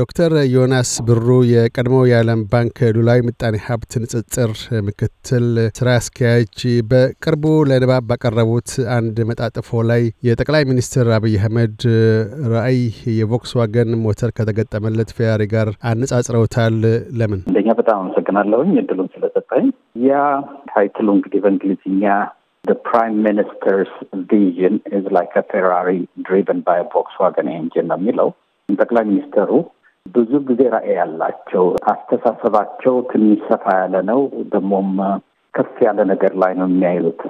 ዶክተር ዮናስ ብሩ የቀድሞ የዓለም ባንክ ሉላዊ ምጣኔ ሀብት ንጽጽር ምክትል ስራ አስኪያጅ፣ በቅርቡ ለንባብ ባቀረቡት አንድ መጣጥፎ ላይ የጠቅላይ ሚኒስትር አብይ አህመድ ራዕይ የቮክስዋገን ሞተር ከተገጠመለት ፌራሪ ጋር አነጻጽረውታል። ለምን? እንደኛ በጣም አመሰግናለሁኝ እድሉን ስለሰጣኝ። ያ ታይትሉ እንግዲህ በእንግሊዝኛ The prime minister's vision is like a Ferrari driven by a Volkswagen engine ነው የሚለው ጠቅላይ ሚኒስትሩ ብዙ ጊዜ ራዕይ ያላቸው አስተሳሰባቸው ትንሽ ሰፋ ያለ ነው። ደግሞም ከፍ ያለ ነገር ላይ ነው የሚያይሉት።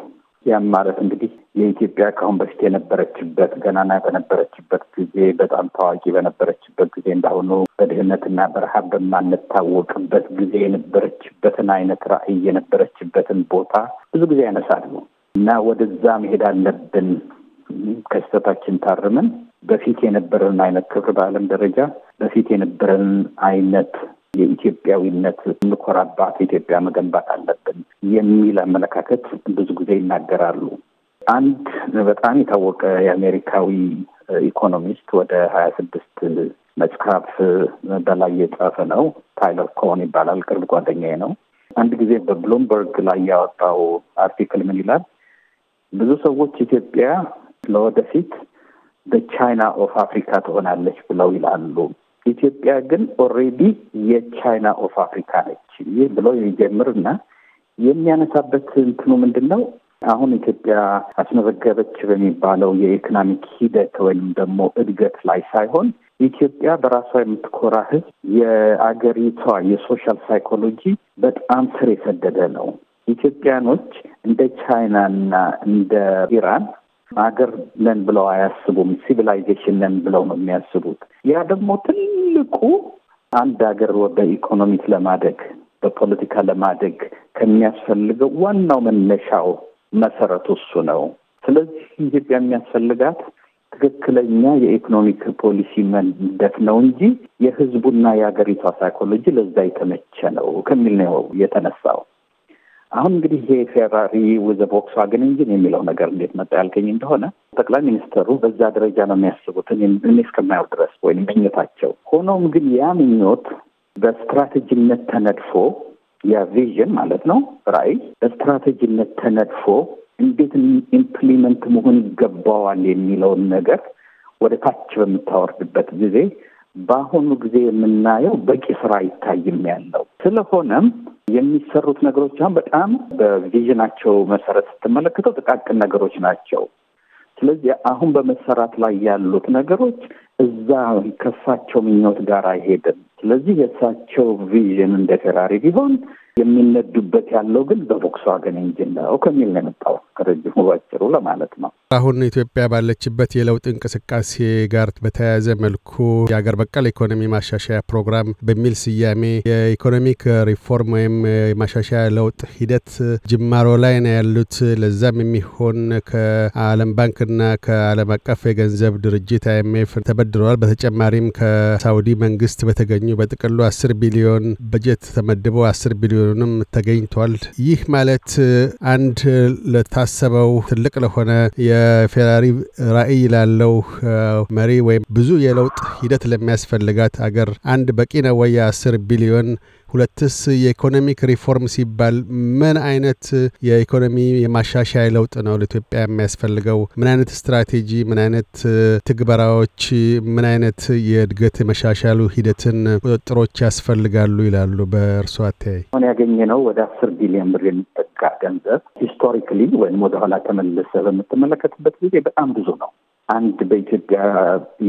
ያም ማለት እንግዲህ የኢትዮጵያ ከአሁን በፊት የነበረችበት ገናና በነበረችበት ጊዜ በጣም ታዋቂ በነበረችበት ጊዜ እንዳሁኑ በድህነትና በረሃብ በማንታወቅበት ጊዜ የነበረችበትን አይነት ራዕይ የነበረችበትን ቦታ ብዙ ጊዜ ያነሳሉ እና ወደዛ መሄድ አለብን ከስተታችን ታርምን በፊት የነበረን አይነት ክብር በዓለም ደረጃ በፊት የነበረን አይነት የኢትዮጵያዊነት እንኮራባት ኢትዮጵያ መገንባት አለብን የሚል አመለካከት ብዙ ጊዜ ይናገራሉ። አንድ በጣም የታወቀ የአሜሪካዊ ኢኮኖሚስት ወደ ሀያ ስድስት መጽሐፍ በላይ የጻፈ ነው። ታይለር ኮን ይባላል። ቅርብ ጓደኛዬ ነው። አንድ ጊዜ በብሉምበርግ ላይ ያወጣው አርቲክል ምን ይላል? ብዙ ሰዎች ኢትዮጵያ ለወደፊት በቻይና ኦፍ አፍሪካ ትሆናለች ብለው ይላሉ። ኢትዮጵያ ግን ኦሬዲ የቻይና ኦፍ አፍሪካ ነች ይህ ብሎ እና የሚያነሳበት እንትኑ ምንድን ነው? አሁን ኢትዮጵያ አስመዘገበች በሚባለው የኢኮኖሚክ ሂደት ወይም ደግሞ እድገት ላይ ሳይሆን ኢትዮጵያ በራሷ የምትኮራ ህዝብ የአገሪቷ የሶሻል ሳይኮሎጂ በጣም ስር የሰደደ ነው። ኢትዮጵያኖች እንደ ቻይናና እንደ ኢራን ሀገር ነን ብለው አያስቡም። ሲቪላይዜሽን ነን ብለው ነው የሚያስቡት። ያ ደግሞ ትልቁ አንድ ሀገር በኢኮኖሚክ ለማደግ በፖለቲካ ለማደግ ከሚያስፈልገው ዋናው መነሻው መሰረቱ እሱ ነው። ስለዚህ ኢትዮጵያ የሚያስፈልጋት ትክክለኛ የኢኮኖሚክ ፖሊሲ መንደፍ ነው እንጂ የሕዝቡና የሀገሪቷ ሳይኮሎጂ ለዛ የተመቸ ነው ከሚል ነው የተነሳው። አሁን እንግዲህ ይሄ ፌራሪ ወዘ ቮክስዋገን ኢንጂን የሚለው ነገር እንዴት መጣ ያልከኝ እንደሆነ ጠቅላይ ሚኒስትሩ በዛ ደረጃ ነው የሚያስቡትን እኔ እስከማየው ድረስ ወይም ምኞታቸው። ሆኖም ግን ያ ምኞት በስትራቴጂነት ተነድፎ ያ ቪዥን ማለት ነው ራዕይ በስትራቴጂነት ተነድፎ እንዴት ኢምፕሊመንት መሆን ይገባዋል የሚለውን ነገር ወደ ታች በምታወርድበት ጊዜ በአሁኑ ጊዜ የምናየው በቂ ስራ አይታይም ያለው ስለሆነም የሚሰሩት ነገሮች አሁን በጣም በቪዥናቸው መሰረት ስትመለከተው ጥቃቅን ነገሮች ናቸው። ስለዚህ አሁን በመሰራት ላይ ያሉት ነገሮች እዛ ከእሳቸው ምኞት ጋር አይሄድም። ስለዚህ የእሳቸው ቪዥን እንደ ፌራሪ ቢሆን የሚነዱ እድገት ያለው ግን በቮክስዋገን ኢንጂን ነው ከሚል ነው የመጣው ከረጅሙ ባጭሩ ለማለት ነው። አሁን ኢትዮጵያ ባለችበት የለውጥ እንቅስቃሴ ጋር በተያያዘ መልኩ የአገር በቀል ኢኮኖሚ ማሻሻያ ፕሮግራም በሚል ስያሜ የኢኮኖሚክ ሪፎርም ወይም የማሻሻያ ለውጥ ሂደት ጅማሮ ላይ ነው ያሉት። ለዛም የሚሆን ከዓለም ባንክና ከዓለም አቀፍ የገንዘብ ድርጅት አይኤምኤፍ ተበድረዋል። በተጨማሪም ከሳውዲ መንግስት በተገኙ በጥቅሉ አስር ቢሊዮን በጀት ተመድቦ አስር ቢሊዮንም ተገኝ ተገኝቷል። ይህ ማለት uh, አንድ ለታሰበው ትልቅ ለሆነ የፌራሪ ራዕይ ላለው uh, መሪ ወይም ብዙ የለውጥ ሂደት ለሚያስፈልጋት አገር አንድ በቂ ነው ወይ? የአስር ቢሊዮን ሁለትስ የኢኮኖሚክ ሪፎርም ሲባል ምን አይነት የኢኮኖሚ የማሻሻያ ለውጥ ነው ለኢትዮጵያ የሚያስፈልገው? ምን አይነት ስትራቴጂ፣ ምን አይነት ትግበራዎች፣ ምን አይነት የእድገት የመሻሻሉ ሂደትን ቁጥጥሮች ያስፈልጋሉ ይላሉ? በእርሶ አተያይ ሆን ያገኘ ነው ወደ አስር ቢሊዮን ብር የሚጠጋ ገንዘብ ሂስቶሪካሊ ወይም ወደኋላ ተመለሰ በምትመለከትበት ጊዜ በጣም ብዙ ነው። አንድ በኢትዮጵያ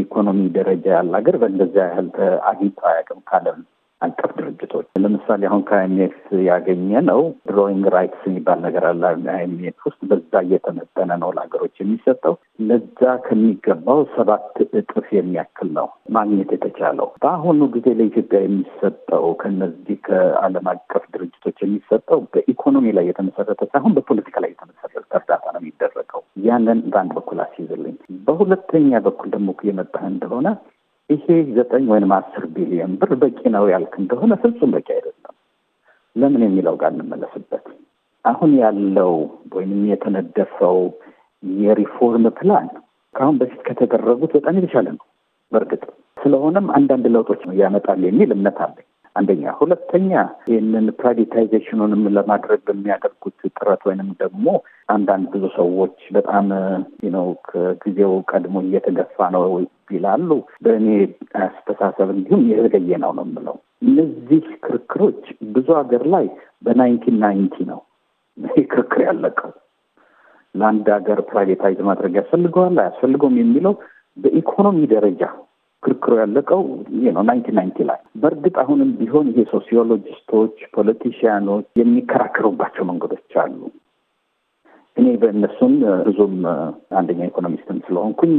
ኢኮኖሚ ደረጃ ያለ ሀገር በእንደዚያ ያህል አግኝተው አያውቅም ካለም አቀፍ ድርጅቶች ለምሳሌ አሁን ከአይምኤፍ ያገኘ ነው ድሮይንግ ራይትስ የሚባል ነገር አለ። አይምኤፍ ውስጥ በዛ እየተመጠነ ነው ለሀገሮች የሚሰጠው። ለዛ ከሚገባው ሰባት እጥፍ የሚያክል ነው ማግኘት የተቻለው። በአሁኑ ጊዜ ለኢትዮጵያ የሚሰጠው ከነዚህ ከአለም አቀፍ ድርጅቶች የሚሰጠው በኢኮኖሚ ላይ የተመሰረተ ሳይሆን በፖለቲካ ላይ የተመሰረተ እርዳታ ነው የሚደረገው። ያንን በአንድ በኩል አስይዝልኝ። በሁለተኛ በኩል ደግሞ የመጣህ እንደሆነ ይሄ ዘጠኝ ወይም አስር ቢሊዮን ብር በቂ ነው ያልክ እንደሆነ ፍጹም በቂ አይደለም። ለምን የሚለው ጋር እንመለስበት። አሁን ያለው ወይም የተነደፈው የሪፎርም ፕላን ከአሁን በፊት ከተደረጉት በጣም የተሻለ ነው። በእርግጥ ስለሆነም አንዳንድ ለውጦች ያመጣል የሚል እምነት አለኝ። አንደኛ። ሁለተኛ ይህንን ፕራይቬታይዜሽኑንም ለማድረግ በሚያደርጉት ጥረት ወይንም ደግሞ አንዳንድ ብዙ ሰዎች በጣም ነው ከጊዜው ቀድሞ እየተገፋ ነው ይላሉ። በእኔ አስተሳሰብ እንዲሁም የዘገየ ነው ነው የምለው። እነዚህ ክርክሮች ብዙ ሀገር ላይ በናይንቲን ናይንቲ ነው ይህ ክርክር ያለቀው። ለአንድ ሀገር ፕራይቬታይዝ ማድረግ ያስፈልገዋል አያስፈልገውም የሚለው በኢኮኖሚ ደረጃ ክርክሮ ያለቀው ነው ናይንቲ ናይንቲ ላይ። በእርግጥ አሁንም ቢሆን ይሄ ሶሲዮሎጂስቶች፣ ፖለቲሽያኖች የሚከራከሩባቸው መንገዶች አሉ። እኔ በእነሱም ብዙም አንደኛ ኢኮኖሚስትም ስለሆንኩኝ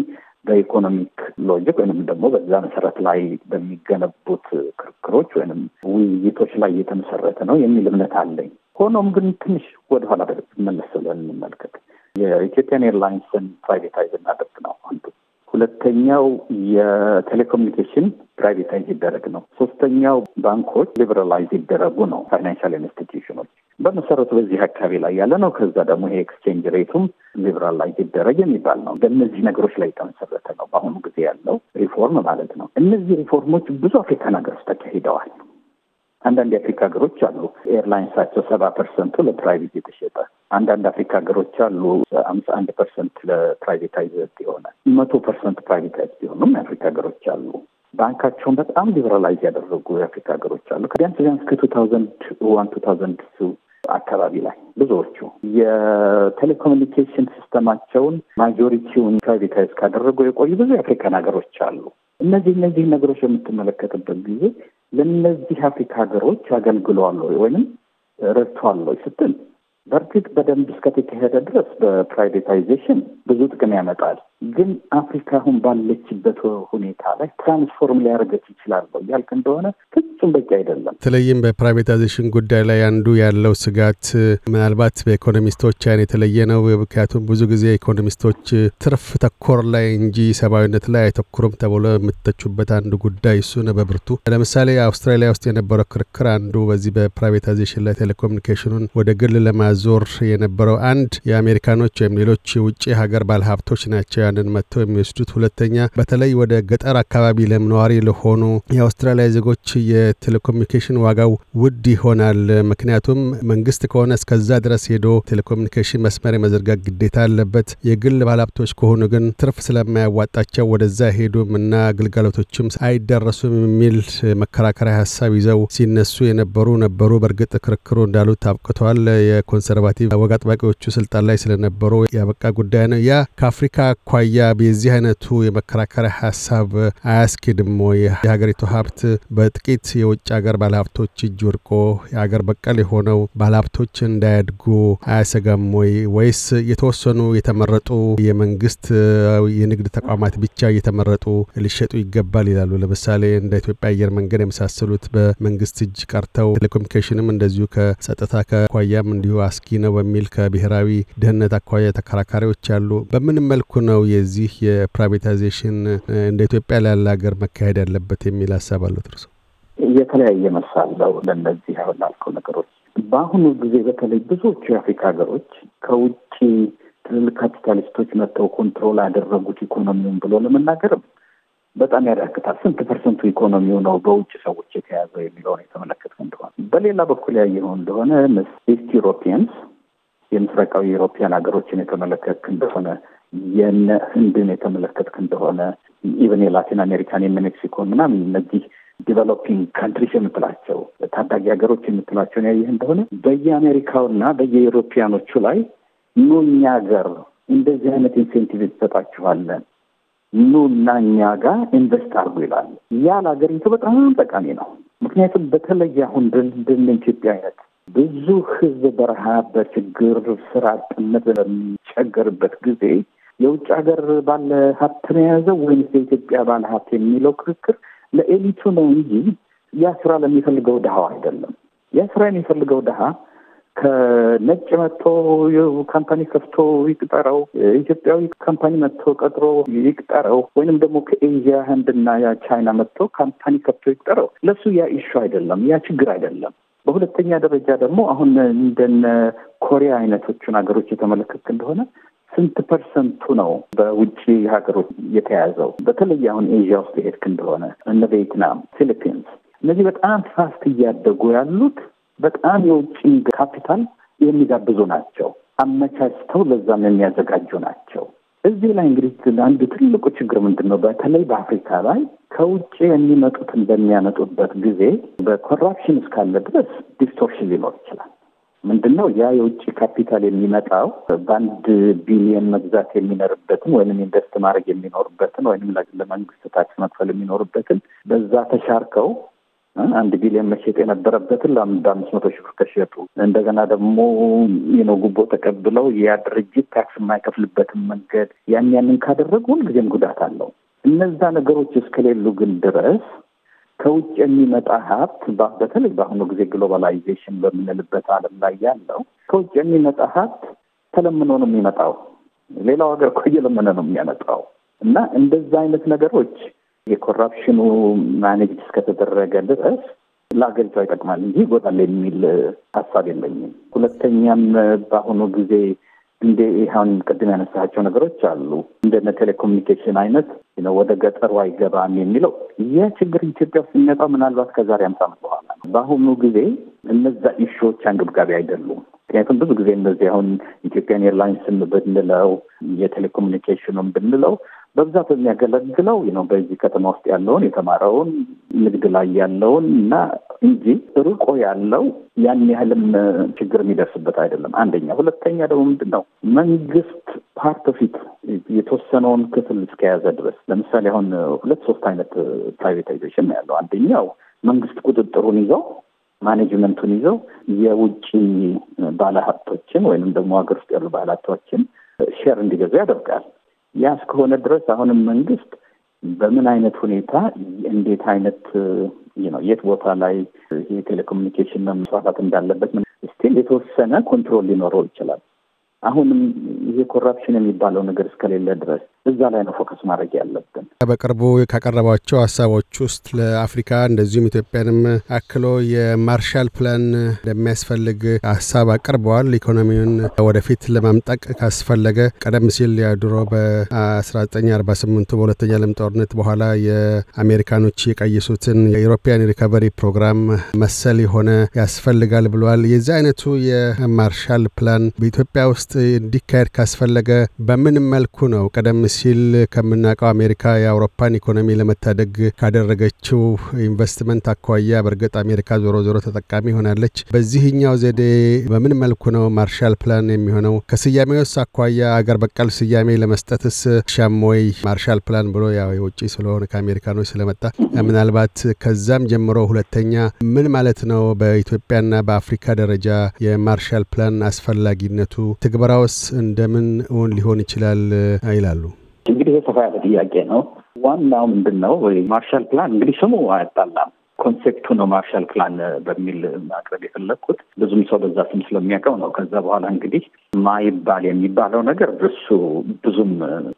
በኢኮኖሚክ ሎጂክ ወይንም ደግሞ በዛ መሰረት ላይ በሚገነቡት ክርክሮች ወይንም ውይይቶች ላይ እየተመሰረተ ነው የሚል እምነት አለኝ። ሆኖም ግን ትንሽ ወደኋላ መለስ ብለን እንመልከት። የኢትዮጵያን ኤርላይንስን ፕራይቬታይዝ እናደርግ ነው አንዱ ሁለተኛው የቴሌኮሙኒኬሽን ፕራይቬታይዝ ይደረግ ነው። ሶስተኛው ባንኮች ሊበራላይዝ ይደረጉ ነው። ፋይናንሻል ኢንስቲትዩሽኖች በመሰረቱ በዚህ አካባቢ ላይ ያለ ነው። ከዛ ደግሞ ይሄ ኤክስቼንጅ ሬቱም ሊበራላይዝ ይደረግ የሚባል ነው። በእነዚህ ነገሮች ላይ የተመሰረተ ነው በአሁኑ ጊዜ ያለው ሪፎርም ማለት ነው። እነዚህ ሪፎርሞች ብዙ አፍሪካን ውስጥ ተካሂደዋል። አንዳንድ የአፍሪካ ሀገሮች አሉ ኤርላይንሳቸው ሰባ ፐርሰንቱ ለፕራይቬት የተሸጠ አንዳንድ አፍሪካ ሀገሮች አሉ አምሳ አንድ ፐርሰንት ለፕራይቬታይዝድ የሆነ መቶ ፐርሰንት ፕራይቬታይዝ የሆኑም የአፍሪካ ሀገሮች አሉ። ባንካቸውን በጣም ሊበራላይዝ ያደረጉ የአፍሪካ ሀገሮች አሉ። ከቢያንስ ቢያንስ ከቱ ታውዘንድ ዋን ቱ ታውዘንድ አካባቢ ላይ ብዙዎቹ የቴሌኮሙኒኬሽን ሲስተማቸውን ማጆሪቲውን ፕራይቬታይዝ ካደረጉ የቆዩ ብዙ የአፍሪካን ሀገሮች አሉ። እነዚህ እነዚህ ነገሮች በምትመለከትበት ጊዜ ለእነዚህ አፍሪካ ሀገሮች አገልግሏል ወይም ረድቷል ስትል በእርግጥ በደንብ እስከተካሄደ ድረስ በፕራይቬታይዜሽን ብዙ ጥቅም ያመጣል። ግን አፍሪካ አሁን ባለችበት ሁኔታ ላይ ትራንስፎርም ሊያደርገች ይችላል ያልክ እንደሆነ ፍጹም በቂ አይደለም። በተለይም በፕራይቬታይዜሽን ጉዳይ ላይ አንዱ ያለው ስጋት ምናልባት በኢኮኖሚስቶች አይን የተለየ ነው። ምክንያቱም ብዙ ጊዜ ኢኮኖሚስቶች ትርፍ ተኮር ላይ እንጂ ሰብአዊነት ላይ አይተኩሩም ተብሎ የምትተቹበት አንዱ ጉዳይ እሱ ነው። በብርቱ ለምሳሌ አውስትራሊያ ውስጥ የነበረው ክርክር አንዱ በዚህ በፕራይቬታይዜሽን ላይ ቴሌኮሙኒኬሽኑን ወደ ግል ለማዞር የነበረው አንድ የአሜሪካኖች ወይም ሌሎች ውጭ ሀገር ባለሀብቶች ናቸው ኒውዚላንድን መጥተው የሚወስዱት፣ ሁለተኛ በተለይ ወደ ገጠር አካባቢ ለም ለሆኑ የአውስትራሊያ ዜጎች የቴሌኮሙኒኬሽን ዋጋው ውድ ይሆናል። ምክንያቱም መንግስት ከሆነ እስከዛ ድረስ ሄዶ ቴሌኮሙኒኬሽን መስመር የመዘርጋት ግዴታ አለበት። የግል ባለሀብቶች ከሆኑ ግን ትርፍ ስለማያዋጣቸው ወደዛ ሄዱም እና ግልጋሎቶችም አይደረሱም የሚል መከራከሪያ ሀሳብ ይዘው ሲነሱ የነበሩ ነበሩ። በእርግጥ ክርክሩ እንዳሉት አብቅተዋል። የኮንሰርቫቲቭ ወግ አጥባቂዎቹ ስልጣን ላይ ስለነበሩ ያበቃ ጉዳይ ነው። ያ ከአፍሪካ አኳያ በዚህ አይነቱ የመከራከሪያ ሀሳብ አያስኬድም ወይ? የሀገሪቱ ሀብት በጥቂት የውጭ ሀገር ባለሀብቶች እጅ ወድቆ የሀገር በቀል የሆነው ባለሀብቶች እንዳያድጉ አያሰጋም ወይ? ወይስ የተወሰኑ የተመረጡ የመንግስት የንግድ ተቋማት ብቻ እየተመረጡ ሊሸጡ ይገባል ይላሉ? ለምሳሌ እንደ ኢትዮጵያ አየር መንገድ የመሳሰሉት በመንግስት እጅ ቀርተው ቴሌኮሙኒኬሽንም እንደዚሁ ከጸጥታ ከኳያም እንዲሁ አስጊ ነው በሚል ከብሔራዊ ደህንነት አኳያ ተከራካሪዎች አሉ። በምን መልኩ ነው የዚህ የፕራይቬታይዜሽን እንደ ኢትዮጵያ ላለ ሀገር መካሄድ ያለበት የሚል ሀሳብ አሉት እርሶ? የተለያየ መልስ አለው ለእነዚህ አሁን ላልከው ነገሮች። በአሁኑ ጊዜ በተለይ ብዙዎቹ የአፍሪካ ሀገሮች ከውጭ ትልልቅ ካፒታሊስቶች መጥተው ኮንትሮል አደረጉት ኢኮኖሚውን ብሎ ለመናገርም በጣም ያዳግታል። ስንት ፐርሰንቱ ኢኮኖሚው ነው በውጭ ሰዎች የተያዘው የሚለውን የተመለከት እንደሆነ በሌላ በኩል ያየነው እንደሆነ ኢስት ዩሮፒያንስ የምስራቃዊ ዩሮፒያን ሀገሮችን የተመለከት እንደሆነ የነ ህንድን የተመለከትክ እንደሆነ ኢቨን የላቲን አሜሪካን የሜክሲኮን ምናምን እነዚህ ዲቨሎፒንግ ካንትሪስ የምትላቸው ታዳጊ ሀገሮች የምትላቸውን ያየህ እንደሆነ በየአሜሪካውና በየኤሮፒያኖቹ ላይ ኑ እኛ ሀገር እንደዚህ አይነት ኢንሴንቲቭ ይሰጣችኋለን፣ ኑ እና እኛ ጋር ኢንቨስት አድርጉ ይላል። ያ ለሀገሪቱ በጣም ጠቃሚ ነው። ምክንያቱም በተለይ አሁን ድን ኢትዮጵያ አይነት ብዙ ህዝብ በረሃብ በችግር ስራ አጥነት በሚቸገርበት ጊዜ የውጭ ሀገር ባለ ሀብት ነው የያዘው ወይም የኢትዮጵያ ባለ ሀብት የሚለው ክርክር ለኤሊቱ ነው እንጂ ያ ስራ ለሚፈልገው ድሀው አይደለም። ያ ስራ የሚፈልገው ድሀ ከነጭ መጥቶ ካምፓኒ ከፍቶ ይቅጠረው፣ ኢትዮጵያዊ ካምፓኒ መጥቶ ቀጥሮ ይቅጠረው፣ ወይንም ደግሞ ከኤዥያ ህንድና ያ ቻይና መጥቶ ካምፓኒ ከፍቶ ይቅጠረው፣ ለሱ ያ ኢሹ አይደለም፣ ያ ችግር አይደለም። በሁለተኛ ደረጃ ደግሞ አሁን እንደነ ኮሪያ አይነቶቹን ሀገሮች የተመለከት እንደሆነ ስንት ፐርሰንቱ ነው በውጭ ሀገሮች የተያዘው? በተለይ አሁን ኤዥያ ውስጥ የሄድክ እንደሆነ እነ ቬትናም፣ ፊሊፒንስ እነዚህ በጣም ፋስት እያደጉ ያሉት በጣም የውጭ ካፒታል የሚጋብዙ ናቸው። አመቻችተው ለዛም የሚያዘጋጁ ናቸው። እዚህ ላይ እንግዲህ አንዱ ትልቁ ችግር ምንድን ነው? በተለይ በአፍሪካ ላይ ከውጭ የሚመጡትን በሚያመጡበት ጊዜ በኮራፕሽን እስካለ ድረስ ዲስቶርሽን ሊኖር ይችላል። ምንድን ነው ያ የውጭ ካፒታል የሚመጣው በአንድ ቢሊየን መግዛት የሚኖርበትን ወይም ኢንቨስት ማድረግ የሚኖርበትን ወይም ለመንግስት ታክስ መክፈል የሚኖርበትን በዛ ተሻርከው አንድ ቢሊዮን መሸጥ የነበረበትን አምስት መቶ ሺ ብር ከሸጡ እንደገና ደግሞ ነው ጉቦ ተቀብለው ያ ድርጅት ታክስ የማይከፍልበትን መንገድ ያን ያንን ካደረጉ ሁልጊዜም ጉዳት አለው። እነዛ ነገሮች እስከሌሉ ግን ድረስ ከውጭ የሚመጣ ሀብት በተለይ በአሁኑ ጊዜ ግሎባላይዜሽን በምንልበት ዓለም ላይ ያለው ከውጭ የሚመጣ ሀብት ተለምኖ ነው የሚመጣው። ሌላው ሀገር እኮ እየለመነ ነው የሚያመጣው። እና እንደዛ አይነት ነገሮች የኮራፕሽኑ ማኔጅ እስከተደረገ ድረስ ለሀገሪቷ ይጠቅማል እንጂ ይጎዳል የሚል ሀሳብ የለኝም። ሁለተኛም በአሁኑ ጊዜ እንደ ይሁን ቅድም ያነሳቸው ነገሮች አሉ። እንደነ ቴሌኮሙኒኬሽን አይነት ወደ ገጠሩ አይገባም የሚለው ይህ ችግር ኢትዮጵያ ውስጥ የሚመጣው ምናልባት ከዛሬ አምሳ ዓመት በኋላ ነው። በአሁኑ ጊዜ እነዛ ኢሹዎች አንገብጋቢ አይደሉም። ምክንያቱም ብዙ ጊዜ እነዚህ አሁን ኢትዮጵያን ኤርላይንስም ብንለው የቴሌኮሙኒኬሽኑም ብንለው በብዛት የሚያገለግለው ነው በዚህ ከተማ ውስጥ ያለውን የተማረውን ንግድ ላይ ያለውን እና እንጂ ርቆ ያለው ያን ያህልም ችግር የሚደርስበት አይደለም። አንደኛ። ሁለተኛ ደግሞ ምንድን ነው መንግስት ፓርት ፊት የተወሰነውን ክፍል እስከያዘ ድረስ ለምሳሌ አሁን ሁለት ሶስት አይነት ፕራይቬታይዜሽን ነው ያለው። አንደኛው መንግስት ቁጥጥሩን ይዘው ማኔጅመንቱን ይዘው የውጭ ባለሀብቶችን ወይንም ደግሞ ሀገር ውስጥ ያሉ ባለሀብቶችን ሼር እንዲገዙ ያደርጋል። ያ እስከሆነ ድረስ አሁንም መንግስት በምን አይነት ሁኔታ እንዴት አይነት ነው የት ቦታ ላይ ይሄ ቴሌኮሙኒኬሽን መስፋፋት እንዳለበት ስቲል የተወሰነ ኮንትሮል ሊኖረው ይችላል። አሁንም ይሄ ኮራፕሽን የሚባለው ነገር እስከሌለ ድረስ እዛ ላይ ነው ፎከስ ማድረግ ያለብን። በቅርቡ ካቀረቧቸው ሀሳቦች ውስጥ ለአፍሪካ እንደዚሁም ኢትዮጵያንም አክሎ የማርሻል ፕላን እንደሚያስፈልግ ሀሳብ አቅርበዋል። ኢኮኖሚውን ወደፊት ለማምጠቅ ካስፈለገ ቀደም ሲል ያድሮ በ1948 በሁለተኛ ዓለም ጦርነት በኋላ የአሜሪካኖች የቀየሱትን የኢሮፒያን ሪካቨሪ ፕሮግራም መሰል የሆነ ያስፈልጋል ብለዋል። የዚህ አይነቱ የማርሻል ፕላን በኢትዮጵያ ውስጥ እንዲካሄድ ካስፈለገ በምን መልኩ ነው ቀደም ሲል ከምናውቀው አሜሪካ የአውሮፓን ኢኮኖሚ ለመታደግ ካደረገችው ኢንቨስትመንት አኳያ በእርግጥ አሜሪካ ዞሮ ዞሮ ተጠቃሚ ሆናለች። በዚህኛው ዘዴ በምን መልኩ ነው ማርሻል ፕላን የሚሆነው? ከስያሜውስ አኳያ አገር በቀል ስያሜ ለመስጠትስ ሻም ወይ ማርሻል ፕላን ብሎ ያው የውጭ ስለሆነ ከአሜሪካኖች ስለመጣ ምናልባት ከዛም ጀምሮ ሁለተኛ ምን ማለት ነው በኢትዮጵያና በአፍሪካ ደረጃ የማርሻል ፕላን አስፈላጊነቱ ትግበራውስ እንደምን እውን ሊሆን ይችላል ይላሉ? እንግዲህ የሰፋ ያለ ጥያቄ ነው። ዋናው ምንድን ነው? ማርሻል ፕላን እንግዲህ ስሙ አያጣላም። ኮንሴፕቱ ነው ማርሻል ፕላን በሚል ማቅረብ የፈለግኩት ብዙም ሰው በዛ ስም ስለሚያውቀው ነው። ከዛ በኋላ እንግዲህ ማይባል የሚባለው ነገር እሱ ብዙም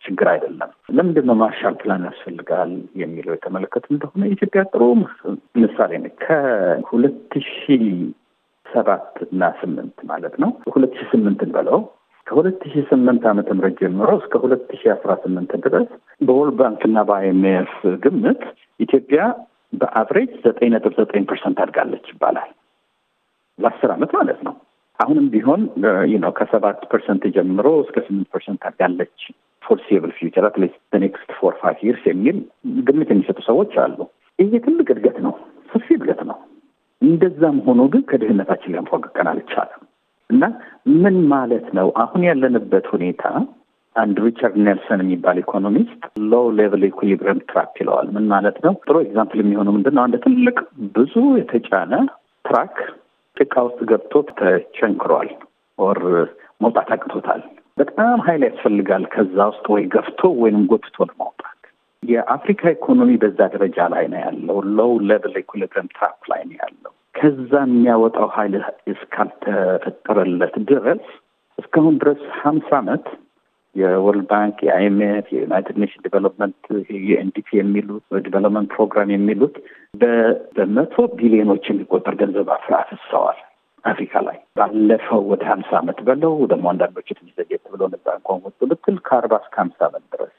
ችግር አይደለም። ለምንድን ነው ማርሻል ፕላን ያስፈልጋል የሚለው የተመለከት እንደሆነ ኢትዮጵያ ጥሩ ምሳሌ ነው። ከሁለት ሺ ሰባት እና ስምንት ማለት ነው ሁለት ሺ ስምንትን በለው ከሁለት ሺ ስምንት ዓመተ ምህረት ጀምሮ እስከ ሁለት ሺ አስራ ስምንት ድረስ በወርልድ ባንክና በአይኤምኤፍ ግምት ኢትዮጵያ በአቨሬጅ ዘጠኝ ነጥብ ዘጠኝ ፐርሰንት አድጋለች ይባላል ለአስር ዓመት ማለት ነው። አሁንም ቢሆን ነው uh, ከሰባት ፐርሰንት ጀምሮ እስከ ስምንት ፐርሰንት አድጋለች ፎርሲብል ፊውቸር አትሊስት ኔክስት ፎር ፋይቭ ይርስ የሚል ግምት የሚሰጡ ሰዎች አሉ። ይህ ትልቅ እድገት ነው፣ ሰፊ እድገት ነው። እንደዛም ሆኖ ግን ከድህነታችን ሊያንፏቅቀን አልቻለም። እና ምን ማለት ነው አሁን ያለንበት ሁኔታ? አንድ ሪቻርድ ኔልሰን የሚባል ኢኮኖሚስት ሎው ሌቭል ኢኩሊብሪየም ትራፕ ይለዋል። ምን ማለት ነው? ጥሩ ኤግዛምፕል የሚሆነው ምንድን ነው? አንድ ትልቅ ብዙ የተጫነ ትራክ ጭቃ ውስጥ ገብቶ ተቸንክሯል፣ ኦር መውጣት አቅቶታል። በጣም ኃይል ያስፈልጋል ከዛ ውስጥ ወይ ገፍቶ ወይንም ጎትቶ ለማውጣት። የአፍሪካ ኢኮኖሚ በዛ ደረጃ ላይ ነው ያለው፣ ሎው ሌቭል ኢኩሊብሪየም ትራክ ላይ ነው ያለው። ከዛ የሚያወጣው ኃይል እስካልተፈጠረለት ድረስ እስካሁን ድረስ ሀምሳ ዓመት የወርልድ ባንክ፣ የአይኤምኤፍ፣ የዩናይትድ ኔሽን ዲቨሎፕመንት፣ የኤንዲፒ የሚሉት ዲቨሎፕመንት ፕሮግራም የሚሉት በመቶ ቢሊዮኖች የሚቆጠር ገንዘብ አፍራ አፍሰዋል አፍሪካ ላይ ባለፈው ወደ ሀምሳ ዓመት በለው ደግሞ አንዳንዶች ትንሽ ዘጌት ብለው ነዛ እንኳን ወጡ ብትል ከአርባ እስከ ሀምሳ ዓመት ድረስ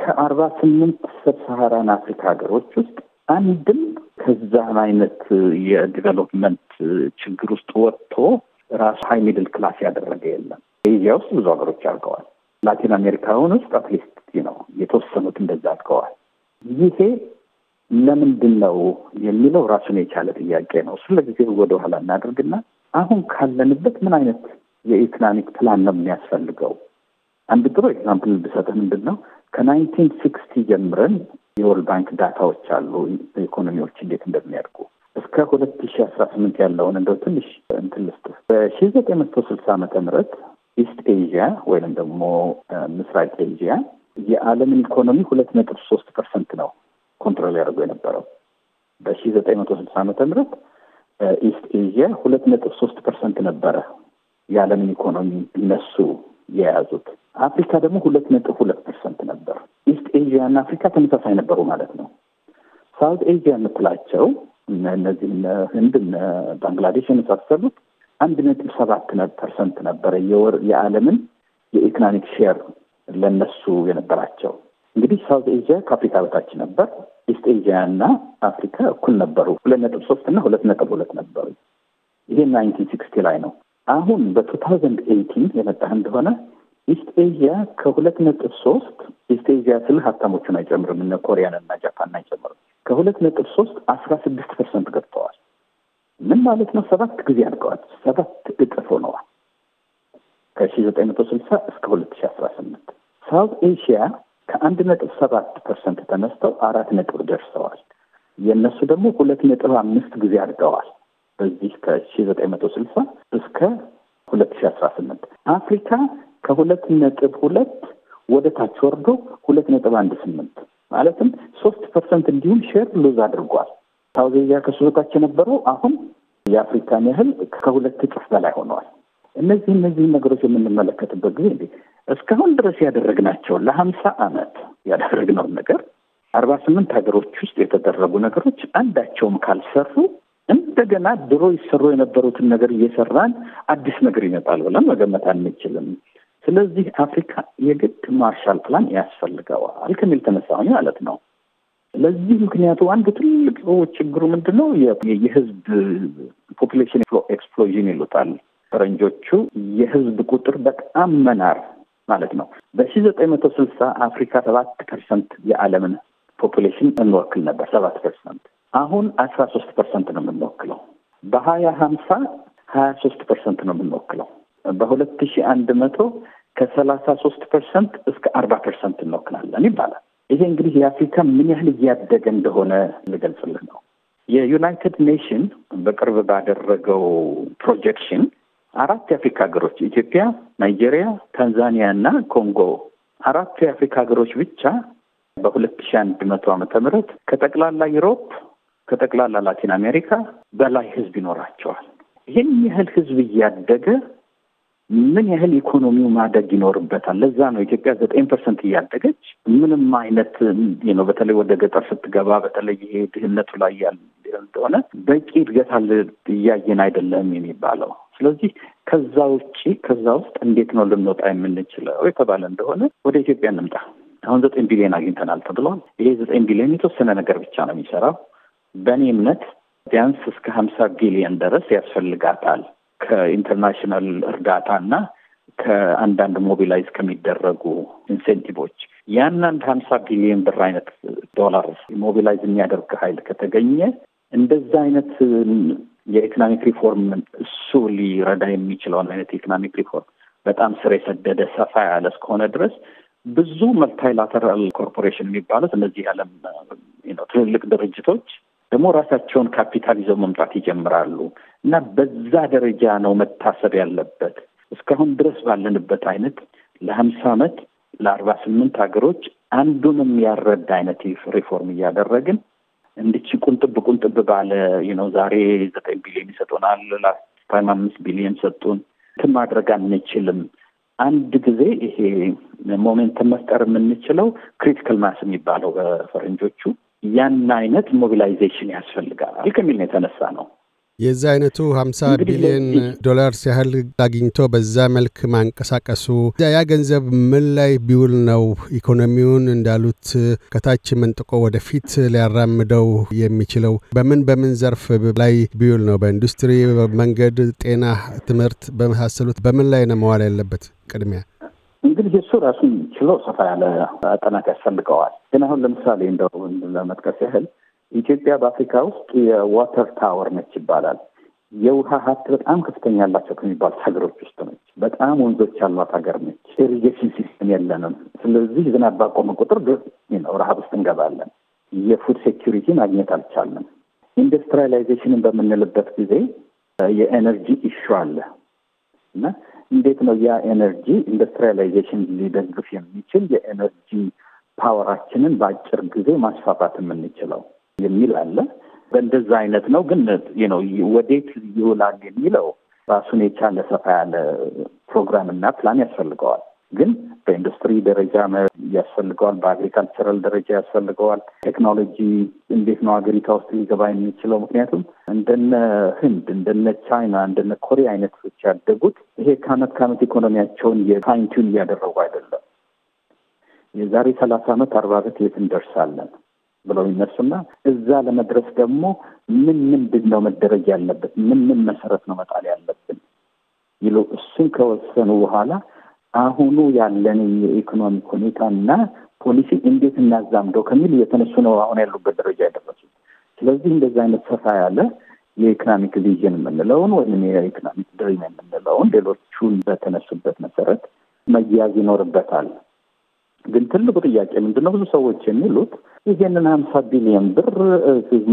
ከአርባ ስምንት ሰብሳሃራን አፍሪካ ሀገሮች ውስጥ አንድም ከዛን አይነት የዲቨሎፕመንት ችግር ውስጥ ወጥቶ ራሱ ሀይ ሚድል ክላስ ያደረገ የለም። ኤዥያ ውስጥ ብዙ ሀገሮች አድርገዋል። ላቲን አሜሪካውን ውስጥ አትሊስት ነው የተወሰኑት እንደዛ አድርገዋል። ይሄ ለምንድን ነው የሚለው ራሱን የቻለ ጥያቄ ነው። ስለጊዜው ወደኋላ እናደርግና አሁን ካለንበት ምን አይነት የኢኮኖሚክ ፕላን ነው የሚያስፈልገው? አንድ ጥሩ ኤግዛምፕል ብሰጥህ ምንድን ነው ከናይንቲን ሲክስቲ ጀምረን የወርልድ ባንክ ዳታዎች አሉ ኢኮኖሚዎች እንዴት እንደሚያድጉ እስከ ሁለት ሺ አስራ ስምንት ያለውን እንደው ትንሽ እንትን ልስጥ። በሺ ዘጠኝ መቶ ስልሳ ዓመተ ምህረት ኢስት ኤዥያ ወይም ደግሞ ምስራቅ ኤዥያ የዓለምን ኢኮኖሚ ሁለት ነጥብ ሶስት ፐርሰንት ነው ኮንትሮል ያደርገው የነበረው። በሺ ዘጠኝ መቶ ስልሳ ዓመተ ምህረት ኢስት ኤዥያ ሁለት ነጥብ ሶስት ፐርሰንት ነበረ የዓለምን ኢኮኖሚ እነሱ የያዙት። አፍሪካ ደግሞ ሁለት ነጥብ ሁለት ፐርሰንት ነበር። ኢስት ኤዥያ እና አፍሪካ ተመሳሳይ ነበሩ ማለት ነው። ሳውት ኤዥያ የምትላቸው እነዚህ ህንድ፣ ባንግላዴሽ የመሳሰሉት አንድ ነጥብ ሰባት ፐርሰንት ነበረ የወር የዓለምን የኢኮኖሚክ ሼር ለነሱ የነበራቸው። እንግዲህ ሳውት ኤዥያ ከአፍሪካ በታች ነበር። ኢስት ኤዥያ እና አፍሪካ እኩል ነበሩ። ሁለት ነጥብ ሶስት እና ሁለት ነጥብ ሁለት ነበሩ። ይሄ ናይንቲን ሲክስቲ ላይ ነው። አሁን በቱ ታውዘንድ ኤይቲን የመጣህ እንደሆነ ኢስት ኤዥያ ከሁለት ነጥብ ሶስት ኢስት ኤዥያ ስልህ ሀብታሞቹን አይጨምርም እነ ኮሪያን እና ጃፓን አይጨምርም። ከሁለት ነጥብ ሶስት አስራ ስድስት ፐርሰንት ገብተዋል። ምን ማለት ነው? ሰባት ጊዜ አድገዋል። ሰባት እጥፍ ሆነዋል። ከሺ ዘጠኝ መቶ ስልሳ እስከ ሁለት ሺ አስራ ስምንት ሳውት ኤሽያ ከአንድ ነጥብ ሰባት ፐርሰንት ተነስተው አራት ነጥብ ደርሰዋል። የእነሱ ደግሞ ሁለት ነጥብ አምስት ጊዜ አድገዋል። በዚህ ከሺ ዘጠኝ መቶ ስልሳ እስከ ሁለት ሺ አስራ ስምንት አፍሪካ ከሁለት ነጥብ ሁለት ወደ ታች ወርዶ ሁለት ነጥብ አንድ ስምንት ማለትም ሶስት ፐርሰንት እንዲሁም ሼር ሉዝ አድርጓል። ሳውዝ ኤዥያ ከሱ የነበረው አሁን የአፍሪካን ያህል ከሁለት እጥፍ በላይ ሆነዋል። እነዚህ እነዚህ ነገሮች የምንመለከትበት ጊዜ እንዴ እስካሁን ድረስ ያደረግናቸው ለሀምሳ አመት ያደረግነውን ነገር አርባ ስምንት ሀገሮች ውስጥ የተደረጉ ነገሮች አንዳቸውም ካልሰሩ እንደገና ድሮ ይሰሩ የነበሩትን ነገር እየሰራን አዲስ ነገር ይመጣል ብለን መገመት አንችልም። ስለዚህ አፍሪካ የግድ ማርሻል ፕላን ያስፈልገዋል ከሚል ተነሳሁኝ ማለት ነው። ለዚህ ምክንያቱ አንዱ ትልቅ ችግሩ ምንድን ነው? የህዝብ ፖፕሌሽን ኤክስፕሎዥን ይሉታል ፈረንጆቹ። የህዝብ ቁጥር በጣም መናር ማለት ነው። በሺ ዘጠኝ መቶ ስልሳ አፍሪካ ሰባት ፐርሰንት የዓለምን ፖፕሌሽን እንወክል ነበር። ሰባት ፐርሰንት አሁን አስራ ሶስት ፐርሰንት ነው የምንወክለው። በሀያ ሀምሳ ሀያ ሶስት ፐርሰንት ነው የምንወክለው። በሁለት ሺ አንድ መቶ ከሰላሳ ሶስት ፐርሰንት እስከ አርባ ፐርሰንት እንወክላለን ይባላል። ይሄ እንግዲህ የአፍሪካ ምን ያህል እያደገ እንደሆነ ልገልጽልህ ነው። የዩናይትድ ኔሽን በቅርብ ባደረገው ፕሮጀክሽን አራት የአፍሪካ ሀገሮች ኢትዮጵያ፣ ናይጄሪያ፣ ታንዛኒያ እና ኮንጎ አራቱ የአፍሪካ ሀገሮች ብቻ በሁለት ሺ አንድ መቶ ዓመተ ምህረት ከጠቅላላ ዩሮፕ ከጠቅላላ ላቲን አሜሪካ በላይ ህዝብ ይኖራቸዋል። ይህን ያህል ህዝብ እያደገ ምን ያህል ኢኮኖሚው ማደግ ይኖርበታል። ለዛ ነው ኢትዮጵያ ዘጠኝ ፐርሰንት እያደገች ምንም አይነት ነው። በተለይ ወደ ገጠር ስትገባ በተለይ ይሄ ድህነቱ ላይ ያለ እንደሆነ በቂ እድገት አለ እያየን አይደለም የሚባለው። ስለዚህ ከዛ ውጭ ከዛ ውስጥ እንዴት ነው ልንወጣ የምንችለው የተባለ እንደሆነ ወደ ኢትዮጵያ እንምጣ። አሁን ዘጠኝ ቢሊዮን አግኝተናል ተብሏል። ይሄ ዘጠኝ ቢሊዮን የተወሰነ ነገር ብቻ ነው የሚሰራው በእኔ እምነት ቢያንስ እስከ ሀምሳ ቢሊዮን ድረስ ያስፈልጋታል ከኢንተርናሽናል እርዳታና ከአንዳንድ ሞቢላይዝ ከሚደረጉ ኢንሴንቲቮች ያን አንድ ሀምሳ ቢሊዮን ብር አይነት ዶላር ሞቢላይዝ የሚያደርግ ሀይል ከተገኘ እንደዛ አይነት የኢኮኖሚክ ሪፎርም እሱ ሊረዳ የሚችለውን አይነት የኢኮኖሚክ ሪፎርም በጣም ስር የሰደደ ሰፋ ያለ እስከሆነ ድረስ ብዙ መልታይላተራል ኮርፖሬሽን የሚባሉት እነዚህ የዓለም ትልልቅ ድርጅቶች ደግሞ ራሳቸውን ካፒታል ይዘው መምጣት ይጀምራሉ እና በዛ ደረጃ ነው መታሰብ ያለበት። እስካሁን ድረስ ባለንበት አይነት ለሀምሳ ዓመት ለአርባ ስምንት ሀገሮች አንዱንም ያረድ አይነት ሪፎርም እያደረግን እንድቺ ቁንጥብ ቁንጥብ ባለ ነው ዛሬ ዘጠኝ ቢሊዮን ይሰጡናል፣ ላስት ታይም አምስት ቢሊዮን ሰጡን እንትን ማድረግ አንችልም። አንድ ጊዜ ይሄ ሞሜንትን መፍጠር የምንችለው ክሪቲካል ማስ የሚባለው በፈረንጆቹ ያን አይነት ሞቢላይዜሽን ያስፈልጋል ከሚል ነው የተነሳ ነው። የዚህ አይነቱ ሀምሳ ቢሊዮን ዶላርስ ያህል አግኝቶ በዛ መልክ ማንቀሳቀሱ ያ ገንዘብ ምን ላይ ቢውል ነው ኢኮኖሚውን እንዳሉት ከታች መንጥቆ ወደፊት ሊያራምደው የሚችለው? በምን በምን ዘርፍ ላይ ቢውል ነው? በኢንዱስትሪ፣ መንገድ፣ ጤና፣ ትምህርት በመሳሰሉት በምን ላይ ነው መዋል ያለበት ቅድሚያ? እንግዲህ እሱ ራሱን ችሎ ሰፋ ያለ ጥናት ያስፈልገዋል። ግን አሁን ለምሳሌ እንደው ለመጥቀስ ያህል ኢትዮጵያ በአፍሪካ ውስጥ የዋተር ታወር ነች ይባላል። የውሃ ሀብት በጣም ከፍተኛ ያላቸው ከሚባሉት ሀገሮች ውስጥ ነች። በጣም ወንዞች ያሏት ሀገር ነች። ኢሪጌሽን ሲስተም የለንም። ስለዚህ ዝናብ ባቆመ ቁጥር ነው ውስጥ እንገባለን። የፉድ ሴኪሪቲ ማግኘት አልቻለም። ኢንዱስትሪላይዜሽንን በምንልበት ጊዜ የኤነርጂ ኢሹ አለ። እና እንዴት ነው ያ ኤነርጂ ኢንዱስትሪያላይዜሽን ሊደግፍ የሚችል የኤነርጂ ፓወራችንን በአጭር ጊዜ ማስፋፋት የምንችለው የሚል አለ። በእንደዛ አይነት ነው ግን ነው ወዴት ይውላል የሚለው ራሱን የቻለ ሰፋ ያለ ፕሮግራም እና ፕላን ያስፈልገዋል። ግን በኢንዱስትሪ ደረጃ ያስፈልገዋል፣ በአግሪካልቸራል ደረጃ ያስፈልገዋል። ቴክኖሎጂ እንዴት ነው አገሪቷ ውስጥ ሊገባ የሚችለው? ምክንያቱም እንደነ ህንድ፣ እንደነ ቻይና፣ እንደነ ኮሪያ አይነቶች ያደጉት ይሄ ከአመት ከአመት ኢኮኖሚያቸውን የፋይንቲን እያደረጉ አይደለም። የዛሬ ሰላሳ አመት አርባ አመት የት እንደርሳለን ብለው ይነሱና እዛ ለመድረስ ደግሞ ምን ምንድን ነው መደረግ ያለበት? ምን ምን መሰረት ነው መጣል ያለብን? ይሉ እሱን ከወሰኑ በኋላ አሁኑ ያለን የኢኮኖሚክ ሁኔታ እና ፖሊሲ እንዴት እናዛምደው ከሚል እየተነሱ ነው አሁን ያሉበት ደረጃ የደረሱት። ስለዚህ እንደዚህ አይነት ሰፋ ያለ የኢኮኖሚክ ቪዥን የምንለውን ወይም የኢኮኖሚክ ድሪም የምንለውን ሌሎቹን በተነሱበት መሰረት መያዝ ይኖርበታል። ግን ትልቁ ጥያቄ ምንድነው ነው? ብዙ ሰዎች የሚሉት ይሄንን ሀምሳ ቢሊዮን ብር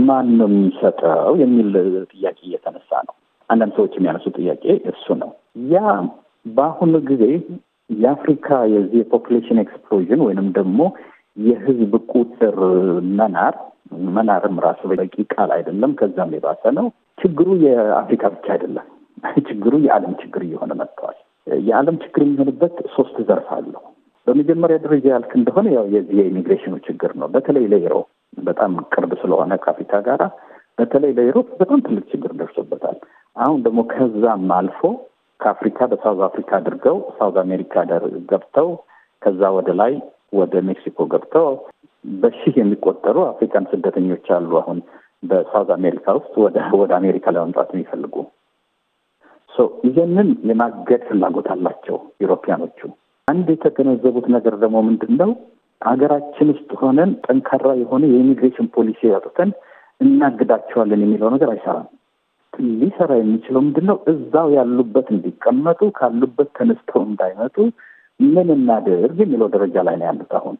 ማን ነው የሚሰጠው የሚል ጥያቄ እየተነሳ ነው። አንዳንድ ሰዎች የሚያነሱ ጥያቄ እሱ ነው። ያ በአሁኑ ጊዜ የአፍሪካ የዚህ የፖፕሌሽን ኤክስፕሎዥን ወይንም ደግሞ የህዝብ ቁጥር መናር መናርም ራሱ በቂ ቃል አይደለም፣ ከዛም የባሰ ነው። ችግሩ የአፍሪካ ብቻ አይደለም። ችግሩ የዓለም ችግር እየሆነ መጥተዋል። የዓለም ችግር የሚሆንበት ሶስት ዘርፍ አለው። በመጀመሪያ ደረጃ ያልክ እንደሆነ ያው የዚህ የኢሚግሬሽኑ ችግር ነው። በተለይ ለኢሮፕ በጣም ቅርብ ስለሆነ ከአፍሪካ ጋራ በተለይ ለኢሮፕ በጣም ትልቅ ችግር ደርሶበታል። አሁን ደግሞ ከዛም አልፎ ከአፍሪካ በሳውዝ አፍሪካ አድርገው ሳውዝ አሜሪካ ገብተው ከዛ ወደ ላይ ወደ ሜክሲኮ ገብተው በሺህ የሚቆጠሩ አፍሪካን ስደተኞች አሉ። አሁን በሳውዝ አሜሪካ ውስጥ ወደ ወደ አሜሪካ ለመምጣት የሚፈልጉ ይህንን የማገድ ፍላጎት አላቸው ዩሮፒያኖቹ። አንድ የተገነዘቡት ነገር ደግሞ ምንድን ነው? ሀገራችን ውስጥ ሆነን ጠንካራ የሆነ የኢሚግሬሽን ፖሊሲ ያጡተን እናግዳቸዋለን የሚለው ነገር አይሰራም። ሊሰራ የሚችለው ምንድን ነው? እዛው ያሉበት እንዲቀመጡ ካሉበት ተነስተው እንዳይመጡ ምን እናድርግ የሚለው ደረጃ ላይ ነው ያሉት አሁን።